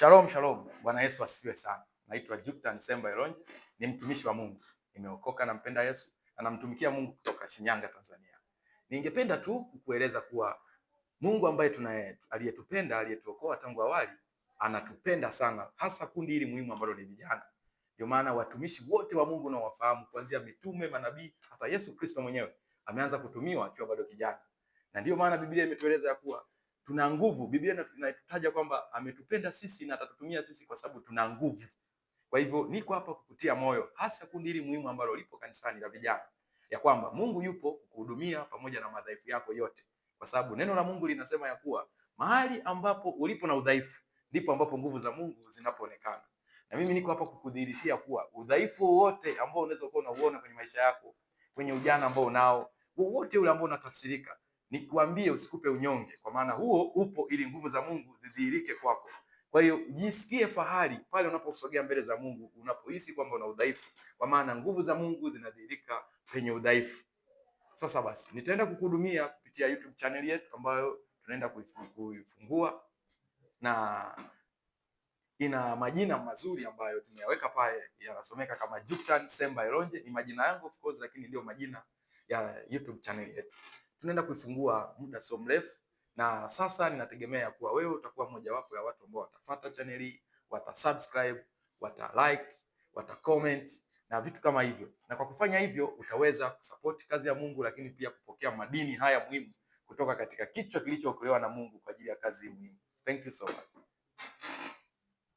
Shalom shalom, Bwana Yesu asifiwe sana. Naitwa Jupiter Nsemba Elonje, ni mtumishi wa Mungu, nimeokoka, nampenda Yesu na namtumikia Mungu kutoka Shinyanga, Tanzania. Ningependa tu kukueleza kuwa Mungu ambaye tunaye aliyetupenda aliyetuokoa tangu awali anatupenda sana, hasa kundi hili muhimu ambalo ni vijana. Ndio maana watumishi wote wa Mungu unaowafahamu kuanzia mitume, manabii, hata Yesu Kristo mwenyewe ameanza kutumiwa akiwa bado kijana, na ndio maana Biblia imetueleza ya kuwa tuna nguvu. Biblia inataja kwamba ametupenda sisi na atatutumia sisi kwa sababu tuna nguvu. Kwa hivyo niko hapa kukutia moyo, hasa kundi hili muhimu ambalo lipo kanisani la vijana, ya kwamba Mungu yupo kukuhudumia pamoja na madhaifu yako yote, kwa sababu neno la Mungu linasema ya kuwa mahali ambapo ulipo na udhaifu ndipo ambapo nguvu za Mungu zinapoonekana. Na mimi niko hapa kukudhihirishia kuwa udhaifu wowote ambao unaweza kuwa unauona kwenye maisha yako, kwenye ujana ambao unao, wowote ule ambao unatafsirika nikuambie usikupe unyonge, kwa maana huo upo ili nguvu za Mungu zidhihirike kwako. Kwa hiyo jisikie fahari pale unaposogea mbele za Mungu, unapohisi kwamba una udhaifu, kwa maana nguvu za Mungu zinadhihirika penye udhaifu. Sasa basi, nitaenda kukuhudumia kupitia YouTube channel yetu ambayo tunaenda kuifungua na ina majina mazuri ambayo tumeyaweka pale, yanasomeka kama Juktan Semba Ilonje. Ni majina yangu of course, lakini ndio majina ya YouTube channel yetu tunaenda kuifungua muda sio mrefu, na sasa ninategemea ya kuwa wewe utakuwa mojawapo ya watu ambao watafuata channel hii, watasubscribe, wata like, wata comment na vitu kama hivyo, na kwa kufanya hivyo utaweza kusupport kazi ya Mungu, lakini pia kupokea madini haya muhimu kutoka katika kichwa kilichookolewa na Mungu kwa ajili ya kazi hii muhimu. Thank you so much.